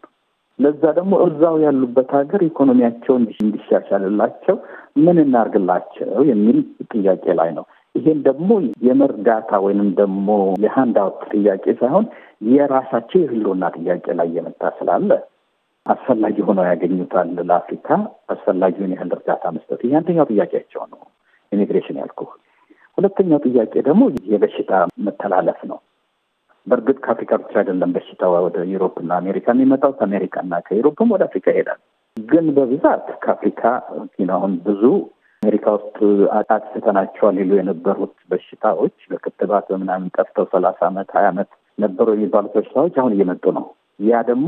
ለዛ ደግሞ እዛው ያሉበት ሀገር ኢኮኖሚያቸውን እንዲሻሻልላቸው ምን እናርግላቸው የሚል ጥያቄ ላይ ነው። ይሄን ደግሞ የመርዳታ ወይንም ደግሞ የሀንድ ጥያቄ ሳይሆን የራሳቸው የህልውና ጥያቄ ላይ እየመጣ ስላለ አስፈላጊ ሆነው ያገኙታል። ለአፍሪካ አስፈላጊውን ያህል እርዳታ መስጠት ይህ አንደኛው ጥያቄያቸው ነው። ኢሚግሬሽን ያልኩ። ሁለተኛው ጥያቄ ደግሞ የበሽታ መተላለፍ ነው። በእርግጥ ከአፍሪካ ብቻ አይደለም በሽታ ወደ ዩሮፕ ዩሮፕና አሜሪካ የሚመጣው ከአሜሪካ ከአሜሪካና ከዩሮፕም ወደ አፍሪካ ይሄዳል። ግን በብዛት ከአፍሪካ አሁን ብዙ አሜሪካ ውስጥ አጥፍተናቸዋል ይሉ የነበሩት በሽታዎች በክትባት በምናምን ጠፍተው ሰላሳ አመት ሀያ አመት ነበሩ የሚባሉት በሽታዎች አሁን እየመጡ ነው። ያ ደግሞ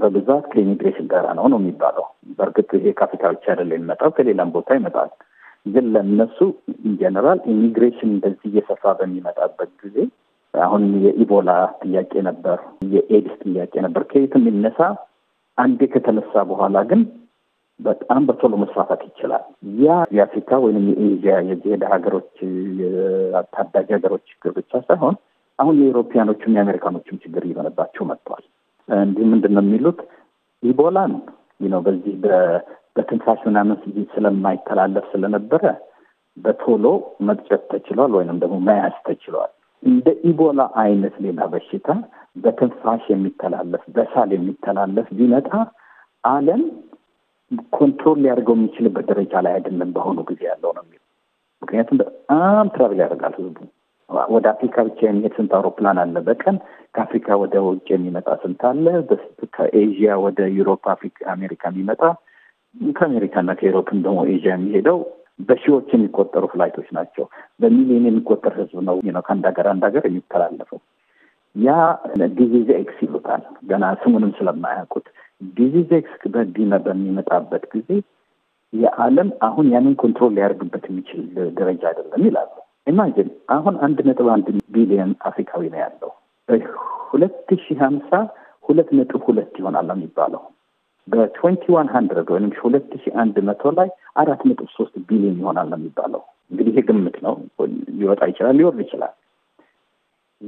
በብዛት ከኢሚግሬሽን ጋራ ነው ነው የሚባለው። በእርግጥ ይሄ ከአፍሪካ ብቻ አይደለም የሚመጣው ከሌላም ቦታ ይመጣል። ግን ለነሱ ኢንጀነራል ኢሚግሬሽን እንደዚህ እየሰፋ በሚመጣበት ጊዜ አሁን የኢቦላ ጥያቄ ነበር፣ የኤድስ ጥያቄ ነበር። ከየትም ይነሳ አንዴ ከተነሳ በኋላ ግን በጣም በቶሎ መስፋፋት ይችላል። ያ የአፍሪካ ወይም የኤዥያ የሄደ ሀገሮች የታዳጊ ሀገሮች ችግር ብቻ ሳይሆን አሁን የኤሮፒያኖቹም የአሜሪካኖቹም ችግር እየሆነባቸው መጥቷል። እንዲህ ምንድን ነው የሚሉት ኢቦላን ነው በዚህ በትንፋሽ ምናምን ስለማይተላለፍ ስለነበረ በቶሎ መቅጨት ተችሏል፣ ወይም ደግሞ መያዝ ተችሏል። እንደ ኢቦላ አይነት ሌላ በሽታ በትንፋሽ የሚተላለፍ በሳል የሚተላለፍ ቢመጣ ዓለም ኮንትሮል ሊያደርገው የሚችልበት ደረጃ ላይ አይደለም በአሁኑ ጊዜ ያለው ነው የሚለው። ምክንያቱም በጣም ትራቭል ያደርጋል ህዝቡ ወደ አፍሪካ ብቻ የሚሄድ ስንት አውሮፕላን አለ በቀን? ከአፍሪካ ወደ ውጭ የሚመጣ ስንት አለ? ከኤዥያ ወደ ዩሮፕ፣ አፍሪካ፣ አሜሪካ የሚመጣ ከአሜሪካና ከዩሮፕን ደግሞ ኤዥያ የሚሄደው በሺዎች የሚቆጠሩ ፍላይቶች ናቸው። በሚሊዮን የሚቆጠር ህዝብ ነው ነው ከአንድ ሀገር አንድ ሀገር የሚተላለፈው። ያ ዲዚዝ ኤክስ ይሉታል። ገና ስሙንም ስለማያውቁት ዲዚዝ ኤክስ በሚመጣበት ጊዜ የዓለም አሁን ያንን ኮንትሮል ሊያደርግበት የሚችል ደረጃ አይደለም ይላሉ። ኢማጅን አሁን አንድ ነጥብ አንድ ቢሊዮን አፍሪካዊ ነው ያለው። ሁለት ሺ ሀምሳ ሁለት ነጥብ ሁለት ይሆናል የሚባለው በትዌንቲ ዋን ሀንድረድ ወይም ሁለት ሺ አንድ መቶ ላይ አራት ነጥብ ሶስት ቢሊዮን ይሆናል የሚባለው እንግዲህ ይሄ ግምት ነው። ሊወጣ ይችላል፣ ሊወርድ ይችላል።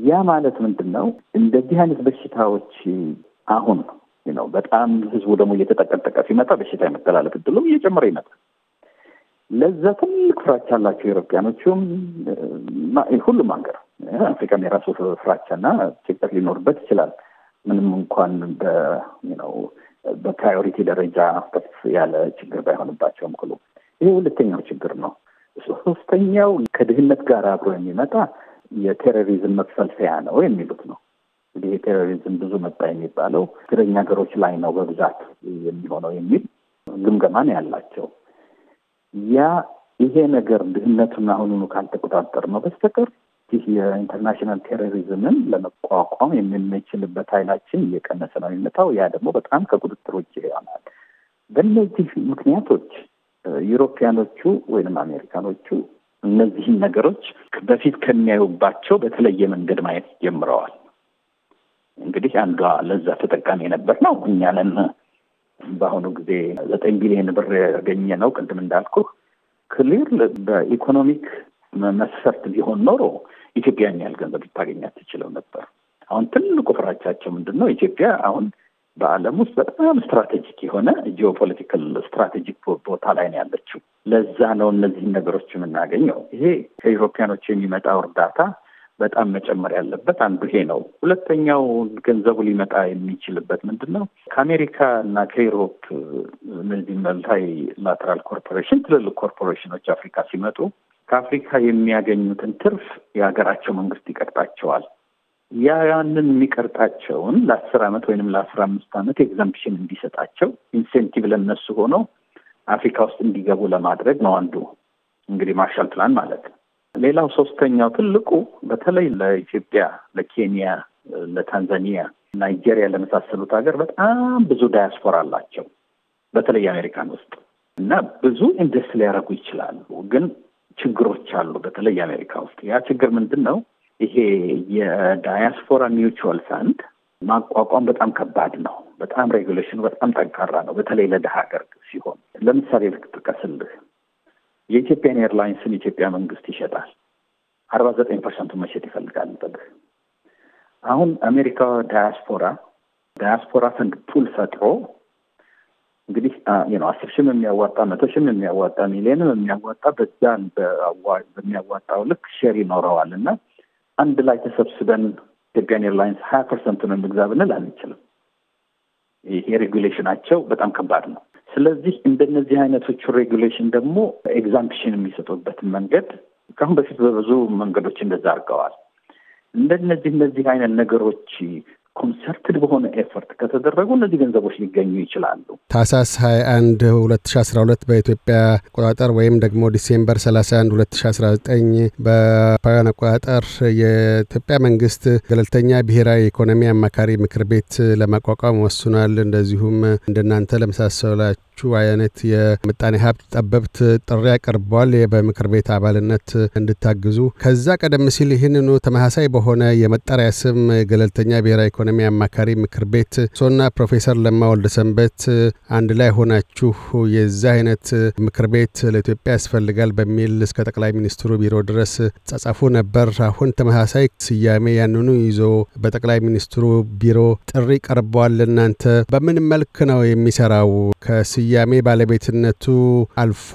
ያ ማለት ምንድን ነው? እንደዚህ አይነት በሽታዎች አሁን ነው በጣም ህዝቡ ደግሞ እየተጠቀጠቀ ሲመጣ በሽታ የመተላለፍ እድሉም እየጨመረ ይመጣል። ለዛ ትልቅ ፍራቻ አላቸው ኢትዮጵያኖቹም ሁሉም ሀገር አፍሪካም የራሱ ፍራቻና ጭንቀት ሊኖርበት ይችላል። ምንም እንኳን በፕራዮሪቲ ደረጃ ከፍ ያለ ችግር ባይሆንባቸውም ክሉ ይሄ ሁለተኛው ችግር ነው። ሶስተኛው ከድህነት ጋር አብሮ የሚመጣ የቴሮሪዝም መክፈልፈያ ነው የሚሉት ነው። እንግዲህ የቴሮሪዝም ብዙ መጣ የሚባለው ችግረኛ ሀገሮች ላይ ነው በብዛት የሚሆነው የሚል ግምገማን ያላቸው ያ ይሄ ነገር ድህነቱን አሁኑኑ ካልተቆጣጠር ነው በስተቀር ይህ የኢንተርናሽናል ቴሮሪዝምን ለመቋቋም የምንችልበት ኃይላችን እየቀነሰ ነው የሚመጣው። ያ ደግሞ በጣም ከቁጥጥር ውጭ ይሆናል። በእነዚህ ምክንያቶች ዩሮፒያኖቹ ወይም አሜሪካኖቹ እነዚህን ነገሮች በፊት ከሚያዩባቸው በተለየ መንገድ ማየት ጀምረዋል። እንግዲህ አንዷ ለዛ ተጠቃሚ የነበር ነው እኛንን በአሁኑ ጊዜ ዘጠኝ ቢሊዮን ብር ያገኘ ነው። ቅድም እንዳልኩ ክሊር በኢኮኖሚክ መስፈርት ቢሆን ኖሮ ኢትዮጵያን ያህል ገንዘብ ልታገኛት ትችለው ነበር። አሁን ትልቁ ፍራቻቸው ምንድን ነው? ኢትዮጵያ አሁን በዓለም ውስጥ በጣም ስትራቴጂክ የሆነ ጂኦፖለቲካል ስትራቴጂክ ቦታ ላይ ነው ያለችው። ለዛ ነው እነዚህን ነገሮች የምናገኘው። ይሄ ከኢሮፓያኖች የሚመጣው እርዳታ በጣም መጨመር ያለበት አንዱ ይሄ ነው። ሁለተኛው ገንዘቡ ሊመጣ የሚችልበት ምንድን ነው? ከአሜሪካ እና ከዩሮፕ እነዚህ መልታይ ላተራል ኮርፖሬሽን ትልልቅ ኮርፖሬሽኖች አፍሪካ ሲመጡ ከአፍሪካ የሚያገኙትን ትርፍ የሀገራቸው መንግስት ይቀርጣቸዋል። ያንን የሚቀርጣቸውን ለአስር አመት ወይንም ለአስራ አምስት አመት ኤግዛምፕሽን እንዲሰጣቸው ኢንሴንቲቭ ለነሱ ሆኖ አፍሪካ ውስጥ እንዲገቡ ለማድረግ ነው አንዱ እንግዲህ ማርሻል ፕላን ማለት ነው። ሌላው ሶስተኛው ትልቁ በተለይ ለኢትዮጵያ፣ ለኬንያ፣ ለታንዛኒያ፣ ናይጄሪያ ለመሳሰሉት ሀገር በጣም ብዙ ዳያስፖራ አላቸው በተለይ አሜሪካን ውስጥ እና ብዙ ኢንቨስት ሊያደርጉ ይችላሉ። ግን ችግሮች አሉ በተለይ አሜሪካ ውስጥ። ያ ችግር ምንድን ነው? ይሄ የዳያስፖራ ሚውቹዋል ፋንድ ማቋቋም በጣም ከባድ ነው። በጣም ሬጉሌሽኑ በጣም ጠንካራ ነው። በተለይ ለድሀ ሀገር ሲሆን ለምሳሌ ልክ ጥቀስልህ የኢትዮጵያን ኤርላይንስን የኢትዮጵያ መንግስት ይሸጣል። አርባ ዘጠኝ ፐርሰንቱን መሸጥ ይፈልጋል። ጥግ አሁን አሜሪካ ዳያስፖራ ዳያስፖራ ፈንድ ፑል ፈጥሮ እንግዲህ አስር ሺም የሚያዋጣ መቶ ሺም የሚያዋጣ ሚሊዮንም የሚያዋጣ በዛን በሚያዋጣው ልክ ሼር ይኖረዋል እና አንድ ላይ ተሰብስበን ኢትዮጵያን ኤርላይንስ ሀያ ፐርሰንቱን እንግዛ ብንል አንችልም። ይሄ ሬጉሌሽናቸው በጣም ከባድ ነው። ስለዚህ እንደነዚህ አይነቶቹ ሬጉሌሽን ደግሞ ኤግዛምፕሽን የሚሰጡበትን መንገድ ከአሁን በፊት በብዙ መንገዶች እንደዛ አድርገዋል። እንደነዚህ እነዚህ አይነት ነገሮች ኮንሰርትድ በሆነ ኤፈርት ከተደረጉ እነዚህ ገንዘቦች ሊገኙ ይችላሉ። ታህሳስ 21 2012 በኢትዮጵያ አቆጣጠር ወይም ደግሞ ዲሴምበር 31 2019 በአውሮፓውያን አቆጣጠር የኢትዮጵያ መንግስት ገለልተኛ ብሔራዊ ኢኮኖሚ አማካሪ ምክር ቤት ለማቋቋም ወስኗል። እንደዚሁም እንደናንተ ለመሳሰላቸው አይነት የምጣኔ ሀብት ጠበብት ጥሪ ያቀርበዋል። በምክር ቤት አባልነት እንድታግዙ። ከዛ ቀደም ሲል ይህንኑ ተመሳሳይ በሆነ የመጠሪያ ስም ገለልተኛ ብሔራዊ ኢኮኖሚ አማካሪ ምክር ቤት ሶና ፕሮፌሰር ለማ ወልደሰንበት አንድ ላይ ሆናችሁ የዛ አይነት ምክር ቤት ለኢትዮጵያ ያስፈልጋል በሚል እስከ ጠቅላይ ሚኒስትሩ ቢሮ ድረስ ጸጸፉ ነበር። አሁን ተመሳሳይ ስያሜ ያንኑ ይዞ በጠቅላይ ሚኒስትሩ ቢሮ ጥሪ ቀርበዋል። እናንተ በምን መልክ ነው የሚሰራው ከስ ስያሜ ባለቤትነቱ አልፎ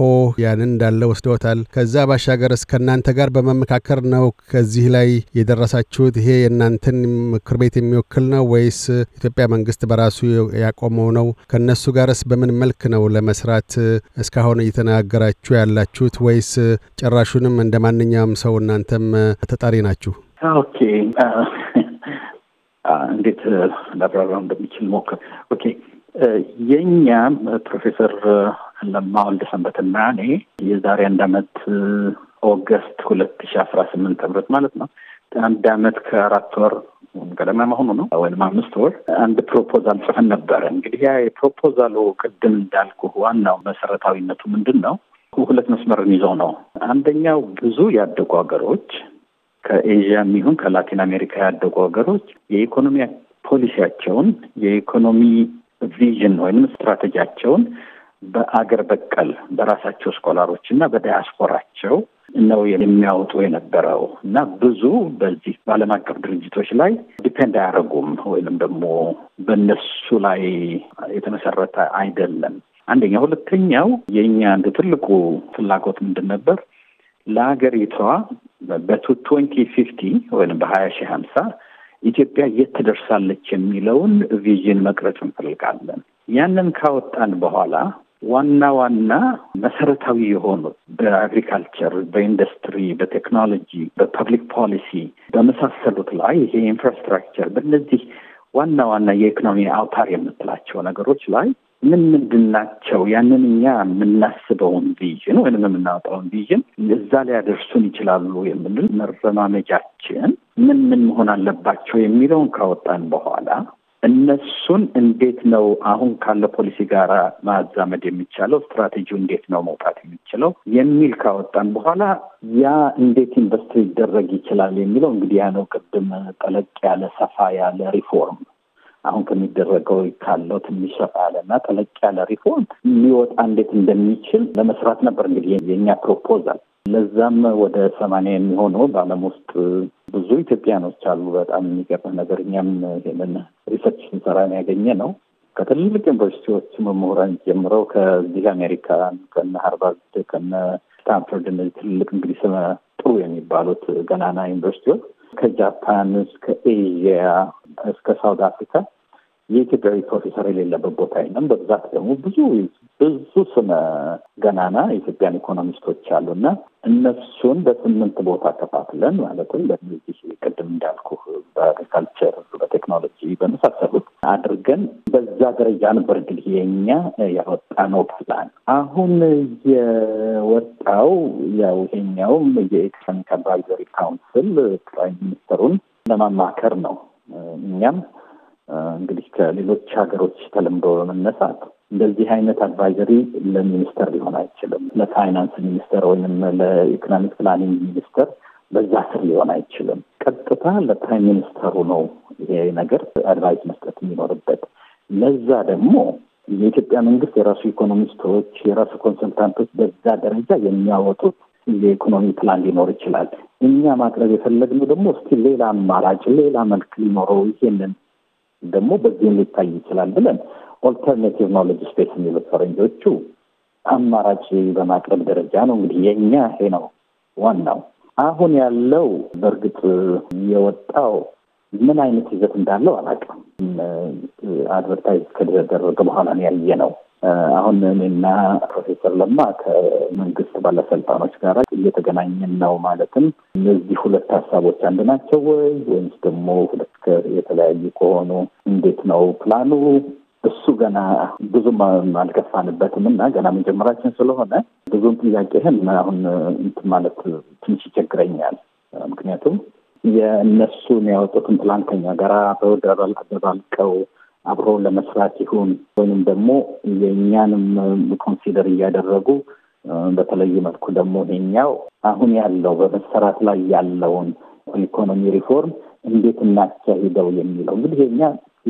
ያንን እንዳለ ወስደውታል። ከዛ ባሻገር እስከእናንተ ጋር በመመካከር ነው ከዚህ ላይ የደረሳችሁት? ይሄ የእናንተን ምክር ቤት የሚወክል ነው ወይስ ኢትዮጵያ መንግስት በራሱ ያቆመው ነው? ከእነሱ ጋርስ በምን መልክ ነው ለመስራት እስካሁን እየተነጋገራችሁ ያላችሁት? ወይስ ጭራሹንም እንደ ማንኛውም ሰው እናንተም ተጠሪ ናችሁ? ኦኬ እንዴት ላብራራ እንደሚችል ሞክር። ኦኬ የእኛ ፕሮፌሰር ለማ ሰንበትና እኔ የዛሬ አንድ አመት ኦገስት ሁለት ሺ አስራ ስምንት ምረት ማለት ነው አንድ አመት ከአራት ወር ቀደማ መሆኑ ነው ወይም አምስት ወር አንድ ፕሮፖዛል ጽፈን ነበረ። እንግዲህ ያ የፕሮፖዛሉ ቅድም እንዳልኩ ዋናው መሰረታዊነቱ ምንድን ነው? ሁለት መስመርን ይዘው ነው። አንደኛው ብዙ ያደጉ ሀገሮች ከኤዥያ ይሁን ከላቲን አሜሪካ ያደጉ ሀገሮች የኢኮኖሚ ፖሊሲያቸውን የኢኮኖሚ ቪዥን ወይም ስትራቴጂያቸውን በአገር በቀል በራሳቸው ስኮላሮች እና በዳያስፖራቸው ነው የሚያወጡ የነበረው እና ብዙ በዚህ በዓለም አቀፍ ድርጅቶች ላይ ዲፔንድ አያደረጉም ወይንም ደግሞ በእነሱ ላይ የተመሰረተ አይደለም። አንደኛ። ሁለተኛው የእኛ አንድ ትልቁ ፍላጎት ምንድን ነበር? ለሀገሪቷ በቱ ትወንቲ ፊፍቲ ወይም በሀያ ሺህ ሀምሳ ኢትዮጵያ የት ትደርሳለች የሚለውን ቪዥን መቅረጽ እንፈልጋለን። ያንን ካወጣን በኋላ ዋና ዋና መሰረታዊ የሆኑት በአግሪካልቸር፣ በኢንዱስትሪ፣ በቴክኖሎጂ፣ በፐብሊክ ፖሊሲ በመሳሰሉት ላይ ይሄ ኢንፍራስትራክቸር በእነዚህ ዋና ዋና የኢኮኖሚ አውታር የምትላቸው ነገሮች ላይ ምን ምንድን ናቸው? ያንን እኛ የምናስበውን ቪዥን ወይም የምናወጣውን ቪዥን እዛ ሊያደርሱን ይችላሉ የምንል መረማመጃችን ምን ምን መሆን አለባቸው የሚለውን ካወጣን በኋላ እነሱን እንዴት ነው አሁን ካለ ፖሊሲ ጋር ማዛመድ የሚቻለው፣ ስትራቴጂው እንዴት ነው መውጣት የሚችለው የሚል ካወጣን በኋላ ያ እንዴት ኢንቨስት ሊደረግ ይችላል የሚለው እንግዲህ ያ ነው ቅድም ጠለቅ ያለ ሰፋ ያለ ሪፎርም አሁን ከሚደረገው ካለው ትንሽ ሰፋ ያለና ጠለቅ ያለ ሪፎርም ሊወጣ እንዴት እንደሚችል ለመስራት ነበር እንግዲህ የኛ ፕሮፖዛል። ለዛም ወደ ሰማንያ የሚሆኑ በዓለም ውስጥ ብዙ ኢትዮጵያኖች አሉ። በጣም የሚገርም ነገር እኛም ይሄንን ሪሰርች ስንሰራ ያገኘ ነው። ከትልልቅ ዩኒቨርሲቲዎች መምህራን ጀምረው ከዚህ አሜሪካን ከነ ሃርቫርድ ከነ ስታንፎርድ እነዚህ ትልልቅ እንግዲህ ስመ ጥሩ የሚባሉት ገናና ዩኒቨርሲቲዎች ከጃፓን እስከ ኤዥያ እስከ ሳውት አፍሪካ የኢትዮጵያዊ ፕሮፌሰር የሌለበት ቦታ የለም። በብዛት ደግሞ ብዙ ብዙ ስመ ገናና የኢትዮጵያን ኢኮኖሚስቶች አሉ አሉና እነሱን በስምንት ቦታ ከፋፍለን ማለትም በዚህ ቅድም እንዳልኩ በአግሪካልቸር፣ በቴክኖሎጂ በመሳሰሉት አድርገን በዛ ደረጃ ነበር እንግዲህ የኛ ያወጣነው ፕላን። አሁን የወጣው ያው ይሄኛውም የኢኮኖሚክ አድቫይዘሪ ካውንስል ፕራይም ሚኒስተሩን ለማማከር ነው እኛም እንግዲህ ከሌሎች ሀገሮች ተለምዶ በመነሳት እንደዚህ አይነት አድቫይዘሪ ለሚኒስተር ሊሆን አይችልም። ለፋይናንስ ሚኒስተር ወይም ለኢኮኖሚክ ፕላኒንግ ሚኒስተር በዛ ስር ሊሆን አይችልም። ቀጥታ ለፕራይም ሚኒስተሩ ነው ይሄ ነገር አድቫይዝ መስጠት የሚኖርበት። ለዛ ደግሞ የኢትዮጵያ መንግስት የራሱ ኢኮኖሚስቶች፣ የራሱ ኮንሰልታንቶች በዛ ደረጃ የሚያወጡት የኢኮኖሚ ፕላን ሊኖር ይችላል። እኛ ማቅረብ የፈለግነው ደግሞ እስኪ ሌላ አማራጭ፣ ሌላ መልክ ሊኖረው ይሄንን ደግሞ በዚህም ሊታይ ይችላል ብለን ኦልተርኔቲቭ ኖሌጅ ስፔስ የሚሉት ፈረንጆቹ አማራጭ በማቅረብ ደረጃ ነው። እንግዲህ የእኛ ይሄ ነው ዋናው። አሁን ያለው በእርግጥ የወጣው ምን አይነት ይዘት እንዳለው አላውቅም። አድቨርታይዝ ከተደረገ በኋላ ያየ ነው አሁን እኔና ፕሮፌሰር ለማ ከመንግስት ባለስልጣኖች ጋር እየተገናኘን ነው። ማለትም እነዚህ ሁለት ሀሳቦች አንድ ናቸው ወይ ወይምስ ደግሞ ሁለት የተለያዩ ከሆኑ እንዴት ነው ፕላኑ? እሱ ገና ብዙም አልገፋንበትም እና ገና መጀመራችን ስለሆነ ብዙም ጥያቄህን አሁን እንትን ማለት ትንሽ ይቸግረኛል። ምክንያቱም የእነሱን ያወጡትን ፕላን ከኛ ጋራ በውደር አደባልቀው አብሮ ለመስራት ይሁን ወይም ደግሞ የእኛንም ኮንሲደር እያደረጉ በተለየ መልኩ ደግሞ ይሄኛው አሁን ያለው በመሰራት ላይ ያለውን ኢኮኖሚ ሪፎርም እንዴት እናካሂደው የሚለው እንግዲህ የኛ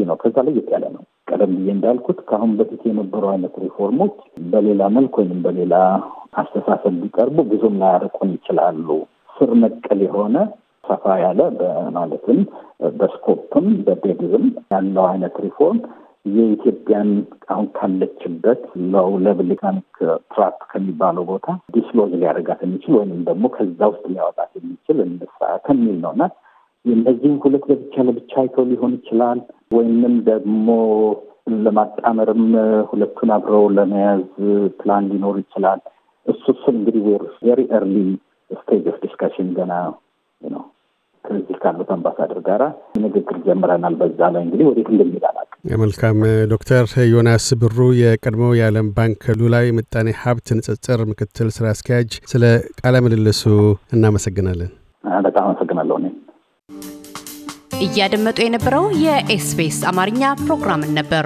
ነው። ከዛ ለየት ያለ ነው። ቀደም ብዬ እንዳልኩት ከአሁን በፊት የነበሩ አይነት ሪፎርሞች በሌላ መልክ ወይም በሌላ አስተሳሰብ ቢቀርቡ ብዙም ላያርቁን ይችላሉ። ስር ነቀል የሆነ ሰፋ ያለ ማለትም በስኮፕም በቤግዝም ያለው አይነት ሪፎርም የኢትዮጵያን አሁን ካለችበት ለው ለብሊካኒክ ትራፕ ከሚባለው ቦታ ዲስሎዝ ሊያደርጋት የሚችል ወይም ደግሞ ከዛ ውስጥ ሊያወጣት የሚችል እንስራ ከሚል ነው እና እነዚህም ሁለት ለብቻ ለብቻ አይቶ ሊሆን ይችላል ወይንም ደግሞ ለማጣመርም ሁለቱን አብረው ለመያዝ ፕላን ሊኖር ይችላል። እሱ እሱን እንግዲህ ቬሪ ኤርሊ ስቴጅ ኦፍ ዲስካሽን ገና ነው። ከዚህ ካሉት አምባሳደር ጋራ ንግግር ጀምረናል። በዛ ላይ እንግዲህ ወዴት እንደሚሄድ መልካም ዶክተር ዮናስ ብሩ የቀድሞው የዓለም ባንክ ሉላዊ ምጣኔ ሀብት ንጽጽር ምክትል ስራ አስኪያጅ፣ ስለ ቃለ ምልልሱ እናመሰግናለን። በጣም አመሰግናለሁ። እኔም እያደመጡ የነበረው የኤስቢኤስ አማርኛ ፕሮግራምን ነበር።